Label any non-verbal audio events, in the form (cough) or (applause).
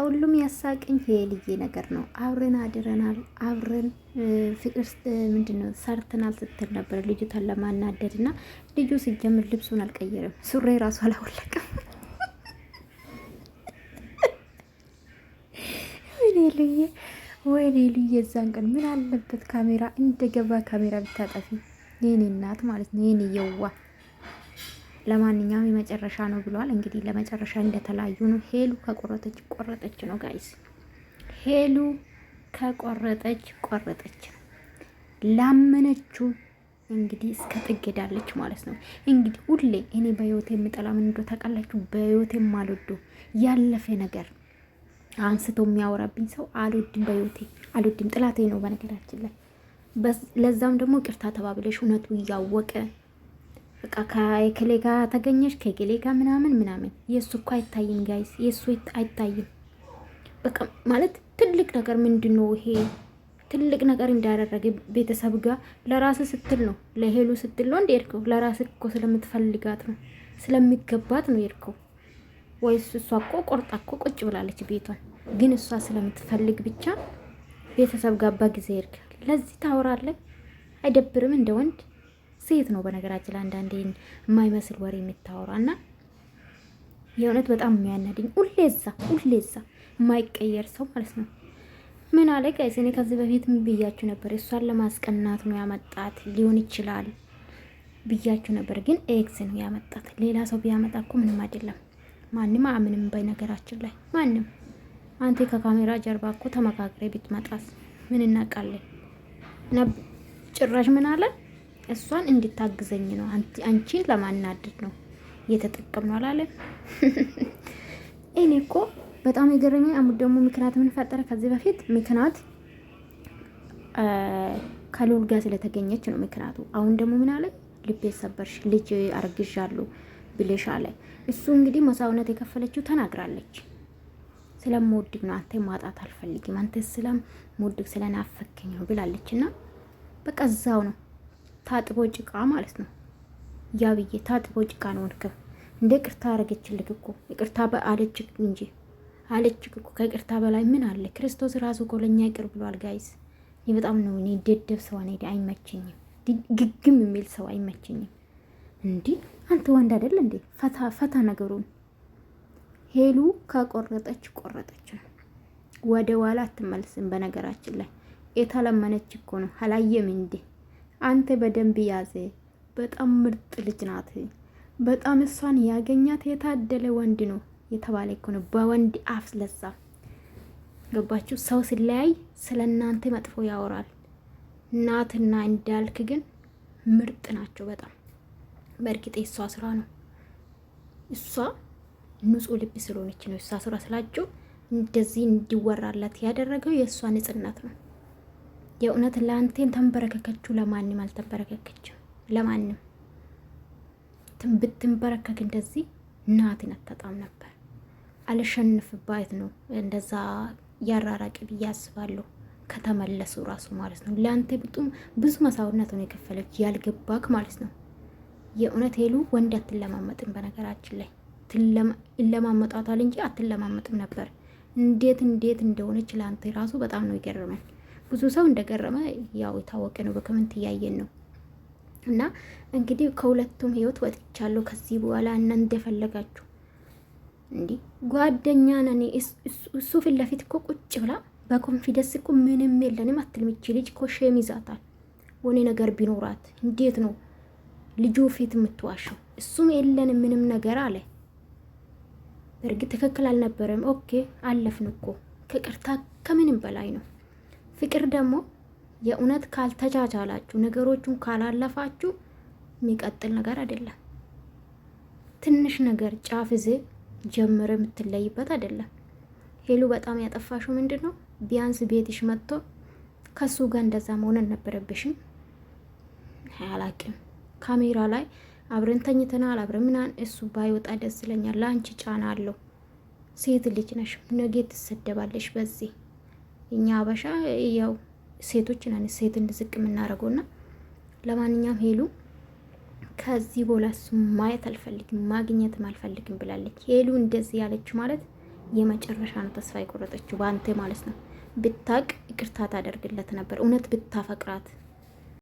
ከሁሉም ያሳቀኝ የልዬ ነገር ነው። አብረን አድረናል፣ አብረን ፍቅር ምንድነው ሰርተናል ስትል ነበር ልጅቷን ለማናደድ እና ልጁ ሲጀምር ልብሱን አልቀየርም፣ ሱሪ ራሱ አላወለቅም። ወይኔ ልዬ ወይኔ ልዬ እዛን ቀን ምን አለበት ካሜራ እንደገባ ካሜራ ብታጠፊ የኔ እናት ማለት ነው የኔ የዋ ለማንኛውም የመጨረሻ ነው ብሏል። እንግዲህ ለመጨረሻ እንደተለያዩ ነው። ሄሉ ከቆረጠች ቆረጠች ነው ጋይስ። ሄሉ ከቆረጠች ቆረጠች ነው። ላመነችው እንግዲህ እስከ ጥግ ሄዳለች ማለት ነው። እንግዲህ ሁሌ እኔ በህይወቴ የምጠላ ምን እንደው ታውቃላችሁ? በህይወቴ የማልወዶ ያለፈ ነገር አንስቶ የሚያወራብኝ ሰው አልወድም፣ በህይወቴ አልወድም። ጥላቴ ነው በነገራችን ላይ። ለዛም ደግሞ ቅርታ ተባብለሽ እውነቱ እያወቀ በቃ ከክሌ ጋር ተገኘሽ ጋር ምናምን ምናምን። የእሱ እኮ አይታይም ጋይስ፣ የእሱ አይታይም። በቃ ማለት ትልቅ ነገር ምንድን ነው ይሄ? ትልቅ ነገር እንዳደረገ ቤተሰብ ጋር ለራስ ስትል ነው፣ ለሄሉ ስትል ነው እንደ ለራስ እኮ ስለምትፈልጋት ነው ስለሚገባት ነው ሄድከው። ወይስ እሷ እኮ ቆርጣ እኮ ቁጭ ብላለች ቤቷን። ግን እሷ ስለምትፈልግ ብቻ ቤተሰብ ጋር በጊዜ ሄድክ። ለዚህ ታወራለህ። አይደብርም እንደ ወንድ ሴት ነው በነገራችን ላይ አንዳንዴ የማይመስል ወሬ የምታወራ እና የእውነት በጣም የሚያነድኝ ሁሌዛ ሁሌዛ የማይቀየር ሰው ማለት ነው። ምን አለ ጋይስ፣ እኔ ከዚህ በፊት ብያችሁ ነበር፣ እሷን ለማስቀናት ነው ያመጣት ሊሆን ይችላል ብያችሁ ነበር። ግን ኤክስ ነው ያመጣት። ሌላ ሰው ቢያመጣ እኮ ምንም አይደለም። ማንም አምንም በነገራችን ላይ ማንም አንተ ከካሜራ ጀርባ እኮ ተመካክሬ ብትመጣስ ምን እናቃለን? ጭራሽ ምን አለን? እሷን እንድታግዘኝ ነው፣ አንቺን ለማናደድ ነው እየተጠቀምነው አላለም። (laughs) እኔ እኮ በጣም የገረመኝ አሙ ደግሞ ምክንያት ምን ፈጠረ? ከዚህ በፊት ምክንያት ከልዑል ጋር ስለተገኘች ነው ምክንያቱ። አሁን ደግሞ ምን አለ? ልቤ ሰበርሽ፣ ልጅ አርግዣለሁ ብለሽ አለ። እሱ እንግዲህ መስዋዕትነት የከፈለችው ተናግራለች። ስለምወድግ ነው አንተ ማጣት አልፈልግም፣ አንተ ስለም ሞድግ ስለናፈከኝ ነው ብላለች። እና በቃ እዛው ነው ታጥቦ ጭቃ ማለት ነው። ያ ብዬ ታጥቦ ጭቃ ነው ወድከው እንደ ቅርታ አረገችልክ እኮ ይቅርታ አለችክ እንጂ አለችክ እኮ ከቅርታ በላይ ምን አለ? ክርስቶስ ራሱ እኮ ለእኛ ይቅር ብሏል። ጋይስ ይህ በጣም ነው። እኔ ደደብ ሰው ነ አይመቸኝም። ግግም የሚል ሰው አይመቸኝም። እንዲህ አንተ ወንድ አይደል እንዴ? ፈታ ፈታ ነገሩን ሄሉ ከቆረጠች ቆረጠች ነው። ወደ ኋላ አትመልስም። በነገራችን ላይ የተለመነች እኮ ነው። አላየም እንዴ? አንተ በደንብ ያዘ። በጣም ምርጥ ልጅ ናት። በጣም እሷን ያገኛት የታደለ ወንድ ነው የተባለ እኮ ነው። በወንድ አፍ ስለዛ ገባችሁ። ሰው ሲለያይ ስለ እናንተ መጥፎ ያወራል። ናትና እንዳልክ ግን ምርጥ ናቸው በጣም በእርግጥ የእሷ ስራ ነው። እሷ ንጹህ ልብ ስለሆነች ነው። እሷ ስራ ስላችሁ እንደዚህ እንዲወራላት ያደረገው የእሷ ንጽህነት ነው። የእውነት ለአንቴን ተንበረከከችው። ለማንም አልተንበረከከችም። ለማንም ብትንበረከክ እንደዚህ እናትን አታጣም ነበር። አልሸንፍባት ነው እንደዛ ያራራቂ ብዬ አስባለሁ። ከተመለሱ ራሱ ማለት ነው ለአንተ ብጡም ብዙ መስዋዕትነት ነው የከፈለች ያልገባክ ማለት ነው። የእውነት ሄሉ ወንድ አትለማመጥም። በነገራችን ላይ እለማመጣታል እንጂ አትለማመጥም ነበር። እንዴት እንዴት እንደሆነች ለአንተ ራሱ በጣም ነው ይገርመን። ብዙ ሰው እንደገረመ ያው የታወቀ ነው፣ በኮመንት እያየን ነው። እና እንግዲህ ከሁለቱም ህይወት ወጥቻለሁ። ከዚህ በኋላ እና እንደፈለጋችሁ እንዲህ ጓደኛ ነን። እሱ ፊት ለፊት እኮ ቁጭ ብላ በኮንፊደንስ እኮ ምንም የለንም አትልም። ልጅ እኮ ሼም ይዛታል። ወኔ ነገር ቢኖራት እንዴት ነው ልጁ ፊት የምትዋሸው? እሱም የለን ምንም ነገር አለ። በእርግጥ ትክክል አልነበረም። ኦኬ አለፍን እኮ ከቅርታ ከምንም በላይ ነው። ፍቅር ደግሞ የእውነት ካልተቻቻላችሁ ነገሮቹን ካላለፋችሁ የሚቀጥል ነገር አይደለም። ትንሽ ነገር ጫፍ ይዜ ጀምሮ የምትለይበት አይደለም። ሄሉ በጣም ያጠፋሽው ምንድን ነው? ቢያንስ ቤትሽ መጥቶ ከሱ ጋር እንደዛ መሆን አልነበረብሽም። አላቅም ካሜራ ላይ አብረን ተኝተናል፣ አብረን ምናን እሱ ባይወጣ ደስ ይለኛል። ለአንቺ ጫና አለው። ሴት ልጅ ነሽ፣ ነገ ትሰደባለሽ በዚህ እኛ አበሻ ያው ሴቶች ነን ሴትን ዝቅ እና ለማንኛውም ሄሉ ከዚህ ቦላስ ማየት አልፈልግም ማግኘትም አልፈልግም ብላለች። ሄሉ እንደዚህ ያለች ማለት የመጨረሻ ነው ተስፋ የቆረጠችው በአንተ ማለት ነው። ብታቅ ይቅርታ ታደርግለት ነበር እውነት ብታፈቅራት